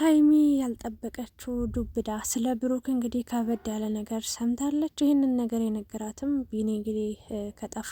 ሀይሚ ያልጠበቀችው ዱብዳ ስለ ብሩክ እንግዲህ ከበድ ያለ ነገር ሰምታለች። ይህንን ነገር የነገራትም ቢኒ እንግዲህ ከጠፋ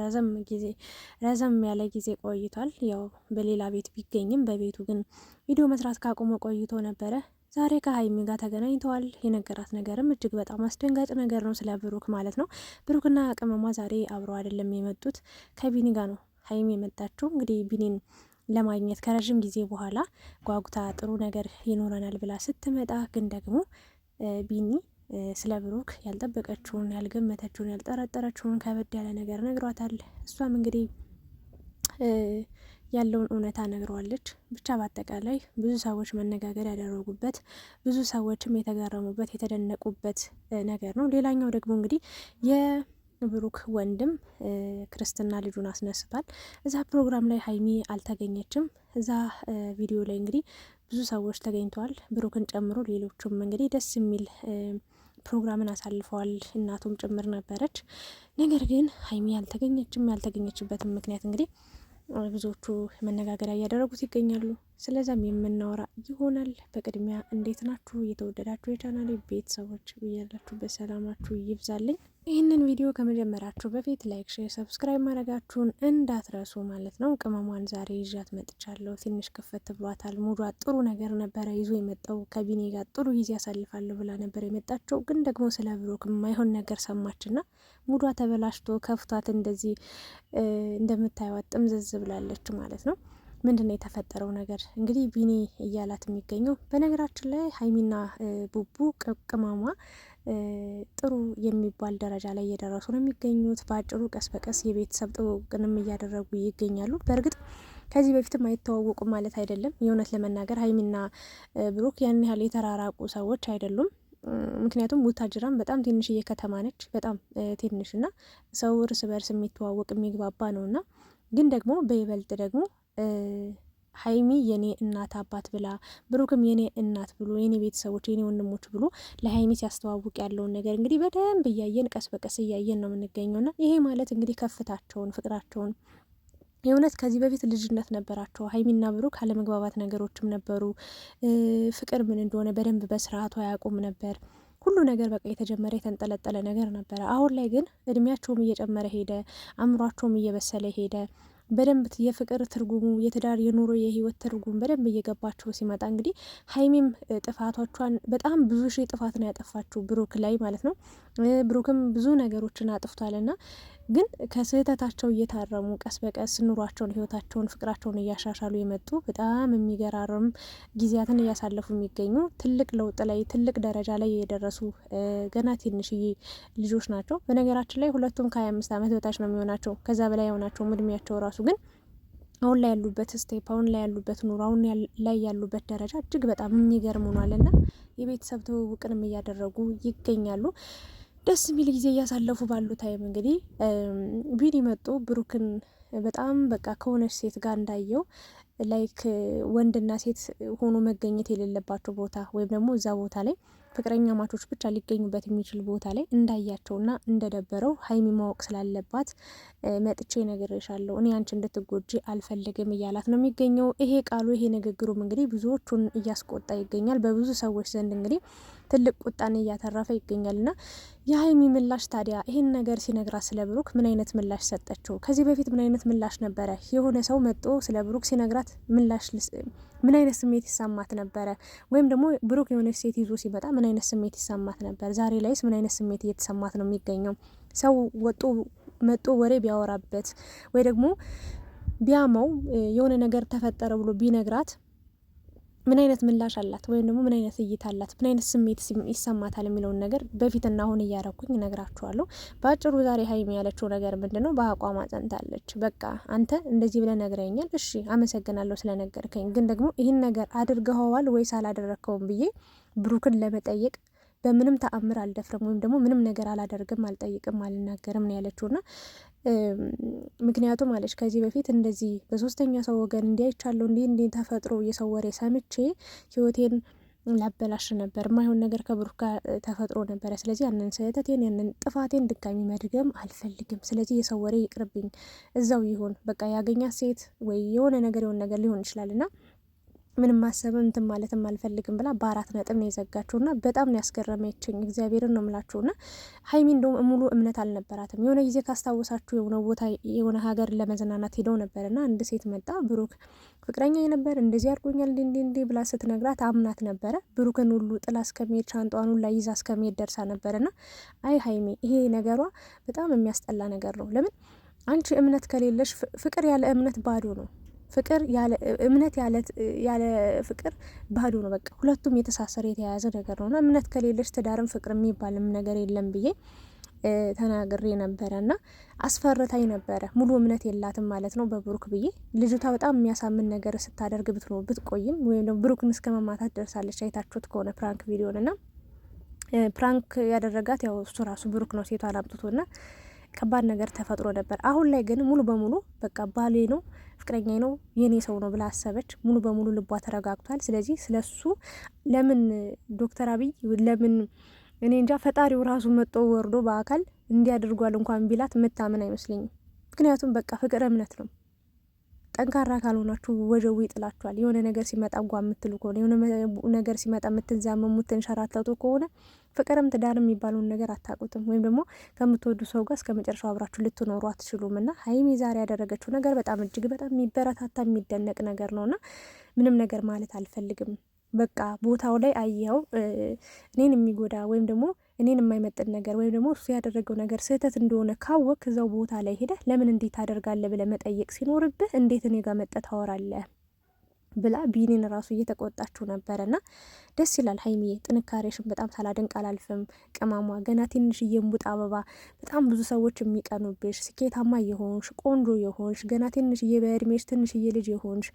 ረዘም ጊዜ ረዘም ያለ ጊዜ ቆይቷል። ያው በሌላ ቤት ቢገኝም በቤቱ ግን ቪዲዮ መስራት ካቆመ ቆይቶ ነበረ። ዛሬ ከሀይሚ ጋር ተገናኝተዋል። የነገራት ነገርም እጅግ በጣም አስደንጋጭ ነገር ነው፣ ስለ ብሩክ ማለት ነው። ብሩክና ቅመሟ ዛሬ አብረው አይደለም የመጡት፣ ከቢኒ ጋር ነው ሀይሚ የመጣችው እንግዲህ ቢኒን ለማግኘት ከረዥም ጊዜ በኋላ ጓጉታ ጥሩ ነገር ይኖረናል ብላ ስትመጣ ግን ደግሞ ቢኒ ስለ ብሩክ ያልጠበቀችውን ያልገመተችውን ያልጠረጠረችውን ከበድ ያለ ነገር ነግሯታል። እሷም እንግዲህ ያለውን እውነታ ነግረዋለች። ብቻ በአጠቃላይ ብዙ ሰዎች መነጋገር ያደረጉበት ብዙ ሰዎችም የተገረሙበት የተደነቁበት ነገር ነው። ሌላኛው ደግሞ እንግዲህ ብሩክ ወንድም ክርስትና ልጁን አስነስቷል። እዛ ፕሮግራም ላይ ሀይሚ አልተገኘችም። እዛ ቪዲዮ ላይ እንግዲህ ብዙ ሰዎች ተገኝተዋል፣ ብሩክን ጨምሮ ሌሎቹም እንግዲህ ደስ የሚል ፕሮግራምን አሳልፈዋል። እናቱም ጭምር ነበረች። ነገር ግን ሀይሚ ያልተገኘችም ያልተገኘችበትም ምክንያት እንግዲህ ብዙዎቹ መነጋገሪያ እያደረጉት ይገኛሉ። ስለዚም የምናወራ ይሆናል። በቅድሚያ እንዴት ናችሁ የተወደዳችሁ የቻናሌ ቤተሰቦች? ብያላችሁበት ሰላማችሁ ይብዛልኝ። ይህንን ቪዲዮ ከመጀመራችሁ በፊት ላይክ፣ ሼር፣ ሰብስክራይብ ማድረጋችሁን እንዳትረሱ ማለት ነው። ቅመሟን ዛሬ ይዣት መጥቻለሁ። ትንሽ ክፈት ብሏታል። ሙዷ ጥሩ ነገር ነበረ ይዞ የመጣው ከቢኔ ጋር ጥሩ ጊዜ ያሳልፋለሁ ብላ ነበር የመጣቸው። ግን ደግሞ ስለ ብሩክ የማይሆን ነገር ሰማችና ሙዷ ተበላሽቶ ከፍቷት እንደዚህ እንደምታይዋት ጥምዝዝ ብላለች ማለት ነው። ምንድን የተፈጠረው ነገር? እንግዲህ ቢኒ እያላት የሚገኘው በነገራችን ላይ ሀይሚና ቡቡ ቅማሟ ጥሩ የሚባል ደረጃ ላይ እየደረሱ ነው የሚገኙት። በአጭሩ ቀስ በቀስ የቤተሰብ ጥውቅንም እያደረጉ ይገኛሉ። በእርግጥ ከዚህ በፊትም አይተዋወቁም ማለት አይደለም። የእውነት ለመናገር ሀይሚና ብሩክ ያን ያህል የተራራቁ ሰዎች አይደሉም። ምክንያቱም ቡታጅራም በጣም ትንሽዬ ከተማ ነች። በጣም ትንሽ እና ሰው እርስ በርስ የሚተዋወቅ የሚግባባ ነው እና ግን ደግሞ በይበልጥ ደግሞ ሀይሚ የኔ እናት አባት ብላ ብሩክም የኔ እናት ብሎ የኔ ቤተሰቦች የኔ ወንድሞች ብሎ ለሀይሚ ሲያስተዋውቅ ያለውን ነገር እንግዲህ በደንብ እያየን ቀስ በቀስ እያየን ነው የምንገኘውና ይሄ ማለት እንግዲህ ከፍታቸውን ፍቅራቸውን የእውነት ከዚህ በፊት ልጅነት ነበራቸው። ሀይሚና ብሩክ አለመግባባት ነገሮችም ነበሩ። ፍቅር ምን እንደሆነ በደንብ በስርዓቱ አያውቁም ነበር። ሁሉ ነገር በቃ የተጀመረ የተንጠለጠለ ነገር ነበረ። አሁን ላይ ግን እድሜያቸውም እየጨመረ ሄደ፣ አእምሯቸውም እየበሰለ ሄደ። በደንብ የፍቅር ትርጉሙ የትዳር የኑሮ የህይወት ትርጉም በደንብ እየገባቸው ሲመጣ እንግዲህ ሀይሚም ጥፋቶቿን በጣም ብዙ ሺህ ጥፋት ነው ያጠፋችው ብሩክ ላይ ማለት ነው። ብሩክም ብዙ ነገሮችን ና ግን ከስህተታቸው እየታረሙ ቀስ በቀስ ኑሯቸውን፣ ህይወታቸውን፣ ፍቅራቸውን እያሻሻሉ የመጡ በጣም የሚገራርም ጊዜያትን እያሳለፉ የሚገኙ ትልቅ ለውጥ ላይ ትልቅ ደረጃ ላይ የደረሱ ገና ትንሽዬ ልጆች ናቸው። በነገራችን ላይ ሁለቱም ከሀያ አምስት ዓመት በታች ነው የሚሆናቸው ከዛ በላይ የሆናቸውም እድሜያቸው ራሱ ግን አሁን ላይ ያሉበት ስቴፕ አሁን ላይ ያሉበት ኑሮ አሁን ላይ ያሉበት ደረጃ እጅግ በጣም የሚገርም ሆኗልና የቤተሰብ ትውውቅንም እያደረጉ ይገኛሉ። ደስ የሚል ጊዜ እያሳለፉ ባሉ ታይም እንግዲህ ቢኒ መጡ ብሩክን በጣም በቃ ከሆነች ሴት ጋር እንዳየው ላይክ ወንድና ሴት ሆኖ መገኘት የሌለባቸው ቦታ ወይም ደግሞ እዛ ቦታ ላይ ፍቅረኛ ማቾች ብቻ ሊገኙበት የሚችል ቦታ ላይ እንዳያቸውና እንደደበረው ሀይሚ ማወቅ ስላለባት መጥቼ እነግርሻለሁ፣ እኔ አንቺ እንድትጎጂ አልፈልግም እያላት ነው የሚገኘው። ይሄ ቃሉ ይሄ ንግግሩም እንግዲህ ብዙዎቹን እያስቆጣ ይገኛል። በብዙ ሰዎች ዘንድ እንግዲህ ትልቅ ቁጣን እያተረፈ ና የሀይሚ ምላሽ ታዲያ ይህን ነገር ሲነግራት ስለ ብሩክ ምን አይነት ምላሽ ሰጠችው? ከዚህ በፊት ምን አይነት ምላሽ ነበረ? የሆነ ሰው መጦ ስለ ብሩክ ሲነግራት ምላሽ ምን አይነት ስሜት ይሰማት ነበረ? ወይም ደግሞ ብሩክ የሆነች ሴት ይዞ ሲመጣ ምን አይነት ስሜት ይሰማት ነበር? ዛሬ ላይስ ምን አይነት ስሜት እየተሰማት ነው የሚገኘው? ሰው ወጦ መጦ ወሬ ቢያወራበት ወይ ደግሞ ቢያመው የሆነ ነገር ተፈጠረ ብሎ ቢነግራት ምን አይነት ምላሽ አላት ወይም ደግሞ ምን አይነት እይታ አላት፣ ምን አይነት ስሜት ይሰማታል የሚለውን ነገር በፊትና አሁን እያረኩኝ እነግራችኋለሁ። በአጭሩ ዛሬ ሀይሚ ያለችው ነገር ምንድን ነው? በአቋም አጸንታለች። በቃ አንተ እንደዚህ ብለህ ነግረኛል፣ እሺ አመሰግናለሁ ስለነገርከኝ፣ ግን ደግሞ ይህን ነገር አድርገኸዋል ወይስ አላደረግከውም ብዬ ብሩክን ለመጠየቅ በምንም ተአምር አልደፍርም ወይም ደግሞ ምንም ነገር አላደርግም፣ አልጠይቅም፣ አልናገርም ነው ያለችውና ምክንያቱም አለች ከዚህ በፊት እንደዚህ በሶስተኛ ሰው ወገን እንዲህ አይቻለሁ እንዲህ እንዲህ ተፈጥሮ የሰው ወሬ ሰምቼ ህይወቴን ላበላሽ ነበር። ማይሆን ነገር ከብሩክ ጋር ተፈጥሮ ነበረ። ስለዚህ ያንን ስህተቴን ያንን ጥፋቴን ድጋሚ መድገም አልፈልግም። ስለዚህ የሰው ወሬ ይቅርብኝ፣ እዛው ይሁን በቃ። ያገኛት ሴት ወይ የሆነ ነገር የሆነ ነገር ሊሆን ይችላል እና ምንም ማሰብም እንትን ማለትም አልፈልግም ብላ በአራት ነጥብ ነው ና በጣም ነው ያስገረመችኝ። እግዚአብሔርን ነው ና ሀይሚ እንደውም ሙሉ እምነት አልነበራትም። የሆነ ጊዜ ካስታወሳችሁ የሆነ ቦታ የሆነ ሀገር ለመዝናናት ሄደው ነበርና አንድ ሴት መጣ ብሩክ ፍቅረኛ ነበር እንደዚህ አድርጎኛል እንዲ እንዲ እንዲ ብላ ስትነግራት አምናት ነበረ። ብሩክን ሁሉ ጥላ እስከሚሄድ ሻንጧን ሁላ ይዛ እስከሚሄድ ደርሳ ና አይ ሀይሚ ይሄ ነገሯ በጣም የሚያስጠላ ነገር ነው። ለምን አንቺ እምነት ከሌለሽ ፍቅር ያለ እምነት ባዶ ነው። ፍቅር እምነት ያለ ፍቅር ባዶ ነው። በቃ ሁለቱም የተሳሰረ የተያያዘ ነገር ነው እና እምነት ከሌለች ትዳርም ፍቅር የሚባልም ነገር የለም ብዬ ተናግሬ ነበረ እና አስፈርታኝ ነበረ። ሙሉ እምነት የላትም ማለት ነው በብሩክ ብዬ። ልጅቷ በጣም የሚያሳምን ነገር ስታደርግ ብት ነው ብትቆይም ወይም ደግሞ ብሩክን እስከ መማታት ደርሳለች። አይታችሁት ከሆነ ፕራንክ ቪዲዮን እና ፕራንክ ያደረጋት ያው እሱ ራሱ ብሩክ ነው ሴቷን ና ከባድ ነገር ተፈጥሮ ነበር። አሁን ላይ ግን ሙሉ በሙሉ በቃ ባሌ ነው ፍቅረኛ ነው የኔ ሰው ነው ብላ አሰበች። ሙሉ በሙሉ ልቧ ተረጋግቷል። ስለዚህ ስለሱ ለምን ዶክተር አብይ ለምን እኔ እንጃ ፈጣሪው ራሱ መጦ ወርዶ በአካል እንዲያደርጓል እንኳን ቢላት ምታምን አይመስለኝም። ምክንያቱም በቃ ፍቅር እምነት ነው። ጠንካራ ካልሆናችሁ ወጀቡ ይጥላችኋል። የሆነ ነገር ሲመጣ እንኳ የምትሉ ከሆነ የሆነ ነገር ሲመጣ የምትንዛመሙ የምትንሸራተቱ ከሆነ ፍቅርም ትዳር የሚባለውን ነገር አታውቁትም። ወይም ደግሞ ከምትወዱ ሰው ጋር እስከ መጨረሻው አብራችሁ ልትኖሩ አትችሉም። እና ሀይሚ ዛሬ ያደረገችው ነገር በጣም እጅግ በጣም የሚበረታታ የሚደነቅ ነገር ነው እና ምንም ነገር ማለት አልፈልግም። በቃ ቦታው ላይ አየው እኔን የሚጎዳ ወይም ደግሞ እኔን የማይመጥን ነገር ወይም ደግሞ እሱ ያደረገው ነገር ስህተት እንደሆነ ካወቅ እዛው ቦታ ላይ ሄደህ ለምን እንዴት ታደርጋለህ ብለህ መጠየቅ ሲኖርብህ እንዴት እኔ ጋር መጠ ታወራለህ ብላ ቢኒን ራሱ እየተቆጣችው ነበረ። እና ደስ ይላል ሀይሚዬ፣ ጥንካሬሽን በጣም ሳላደንቅ አላልፍም። ቅማሟ ገና ትንሽ እየንቡጥ አበባ፣ በጣም ብዙ ሰዎች የሚቀኑብሽ ስኬታማ የሆንሽ ቆንጆ የሆንሽ ገና ትንሽዬ በእድሜሽ ትንሽዬ ልጅ የሆንሽ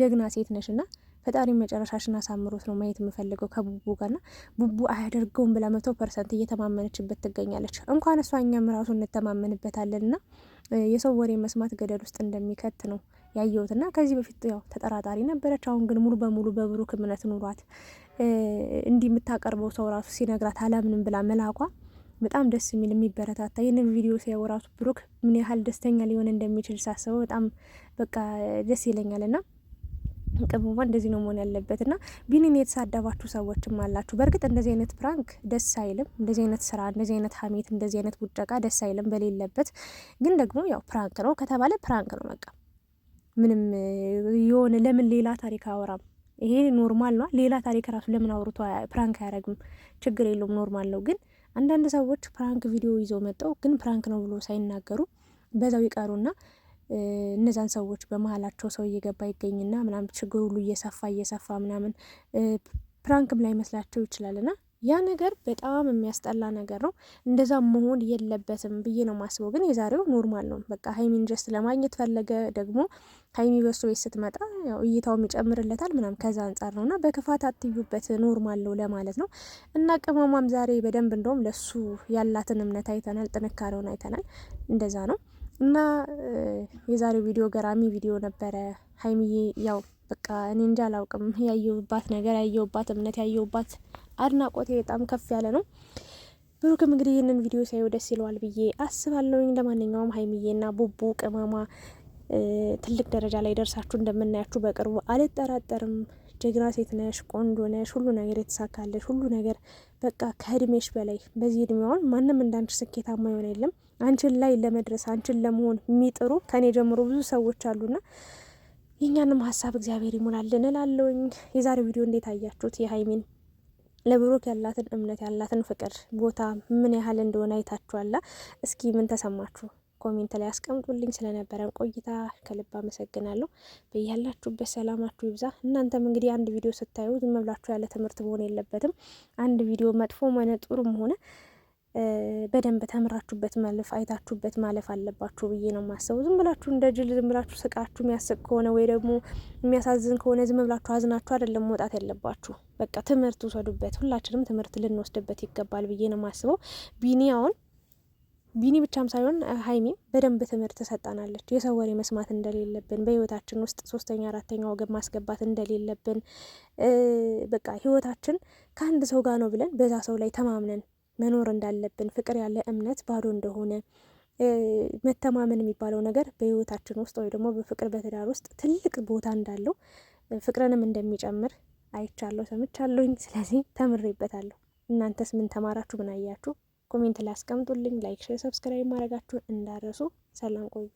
ጀግና ሴት ነሽ እና ፈጣሪ መጨረሻሽን አሳምሮት ነው ማየት የምፈልገው ከቡቡ ጋር ና ቡቡ አያደርገውም ብላ መቶ ፐርሰንት እየተማመነችበት ትገኛለች። እንኳን እሷ እኛም ራሱ እንተማመንበታለን የሰው ወሬ መስማት ገደል ውስጥ እንደሚከት ነው ያየሁት እና ከዚህ በፊት ያው ተጠራጣሪ ነበረች። አሁን ግን ሙሉ በሙሉ በብሩክ እምነት ኑሯት እንዲህ የምታቀርበው ሰው ራሱ ሲነግራት አላምንም ብላ መላኳ በጣም ደስ የሚል የሚበረታታ ይህንን ቪዲዮ ሲያው ራሱ ብሩክ ምን ያህል ደስተኛ ሊሆን እንደሚችል ሳስበው በጣም በቃ ደስ ይለኛል እና ቅመሟ እንደዚህ ነው መሆን ያለበት እና ቢኒን የተሳደባችሁ ሰዎችም አላችሁ። በእርግጥ እንደዚህ አይነት ፕራንክ ደስ አይልም። እንደዚህ አይነት ስራ፣ እንደዚህ አይነት ሀሜት፣ እንደዚህ አይነት ቡጨቃ ደስ አይልም በሌለበት። ግን ደግሞ ያው ፕራንክ ነው ከተባለ ፕራንክ ነው በቃ። ምንም የሆነ ለምን ሌላ ታሪክ አወራም። ይሄ ኖርማል ነው። ሌላ ታሪክ ራሱ ለምን አውርቶ ፕራንክ አያደርግም? ችግር የለውም ኖርማል ነው። ግን አንዳንድ ሰዎች ፕራንክ ቪዲዮ ይዘው መጠው ግን ፕራንክ ነው ብሎ ሳይናገሩ በዛው ይቀሩና እነዛን ሰዎች በመሀላቸው ሰው እየገባ ይገኝና ምናምን ችግር ሁሉ እየሰፋ እየሰፋ ምናምን ፕራንክም ላይ መስላቸው ይችላልና ያ ነገር በጣም የሚያስጠላ ነገር ነው። እንደዛ መሆን የለበትም ብዬ ነው ማስበው። ግን የዛሬው ኖርማል ነው። በቃ ሀይሚን ጀስት ለማግኘት ፈለገ። ደግሞ ሀይሚ በሱ ቤት ስትመጣ ያው እይታውም ይጨምርለታል ምናም ከዛ አንጻር ነው እና በክፋት አትዩበት፣ ኖርማል ነው ለማለት ነው። እና ቅመሟም ዛሬ በደንብ እንደውም ለሱ ያላትን እምነት አይተናል፣ ጥንካሬውን አይተናል። እንደዛ ነው። እና የዛሬው ቪዲዮ ገራሚ ቪዲዮ ነበረ። ሀይሚዬ ያው በቃ እኔ እንጂ አላውቅም። ያየውባት ነገር ያየውባት እምነት ያየውባት አድናቆቴ በጣም ከፍ ያለ ነው። ብሩክም እንግዲህ ይህንን ቪዲዮ ሳየው ደስ ይለዋል ብዬ አስባለሁኝ ለማንኛውም ሀይሚዬና ቡቡ ቅመማ ትልቅ ደረጃ ላይ ደርሳችሁ እንደምናያችሁ በቅርቡ አልጠራጠርም። ጀግና ሴት ነሽ፣ ቆንጆ ነሽ፣ ሁሉ ነገር የተሳካለሽ ሁሉ ነገር በቃ ከእድሜሽ በላይ በዚህ እድሜዋን ማንም እንዳንቺ ስኬታማ ይሆን የለም። አንቺን ላይ ለመድረስ አንቺን ለመሆን የሚጥሩ ከኔ ጀምሮ ብዙ ሰዎች አሉና የእኛንም ሀሳብ እግዚአብሔር ይሙላልን እላለሁኝ። የዛሬ ቪዲዮ እንዴት አያችሁት? የሀይሚን ለብሩክ ያላትን እምነት ያላትን ፍቅር ቦታ ምን ያህል እንደሆነ አይታችኋላ። እስኪ ምን ተሰማችሁ? ኮሜንት ላይ አስቀምጡልኝ። ስለነበረን ቆይታ ከልብ አመሰግናለሁ። በያላችሁበት ሰላማችሁ ይብዛ። እናንተም እንግዲህ አንድ ቪዲዮ ስታዩ ዝም ብላችሁ ያለ ትምህርት መሆን የለበትም። አንድ ቪዲዮ መጥፎ ሆነ ጥሩም ሆነ በደንብ ተምራችሁበት ማለፍ አይታችሁበት ማለፍ አለባችሁ ብዬ ነው የማስበው። ዝም ብላችሁ እንደ ጅል ዝም ብላችሁ ስቃችሁ የሚያስቅ ከሆነ ወይ ደግሞ የሚያሳዝን ከሆነ ዝም ብላችሁ አዝናችሁ አይደለም መውጣት ያለባችሁ። በቃ ትምህርት ውሰዱበት። ሁላችንም ትምህርት ልንወስድበት ይገባል ብዬ ነው የማስበው ቢኒያውን ቢኒ ብቻም ሳይሆን ሀይሚም በደንብ ትምህርት ሰጣናለች። የሰው ወሬ መስማት እንደሌለብን፣ በህይወታችን ውስጥ ሶስተኛ አራተኛ ወገብ ማስገባት እንደሌለብን፣ በቃ ህይወታችን ከአንድ ሰው ጋር ነው ብለን በዛ ሰው ላይ ተማምነን መኖር እንዳለብን፣ ፍቅር ያለ እምነት ባዶ እንደሆነ መተማመን የሚባለው ነገር በህይወታችን ውስጥ ወይ ደግሞ በፍቅር በትዳር ውስጥ ትልቅ ቦታ እንዳለው ፍቅርንም እንደሚጨምር አይቻለሁ፣ ሰምቻለሁኝ። ስለዚህ ተምሬበታለሁ። እናንተስ ምን ተማራችሁ? ምን አያችሁ? ኮሜንት ላይ አስቀምጡልኝ። ላይክ፣ ሼር፣ ሰብስክራይብ ማድረጋችሁን እንዳረሱ። ሰላም ቆዩ።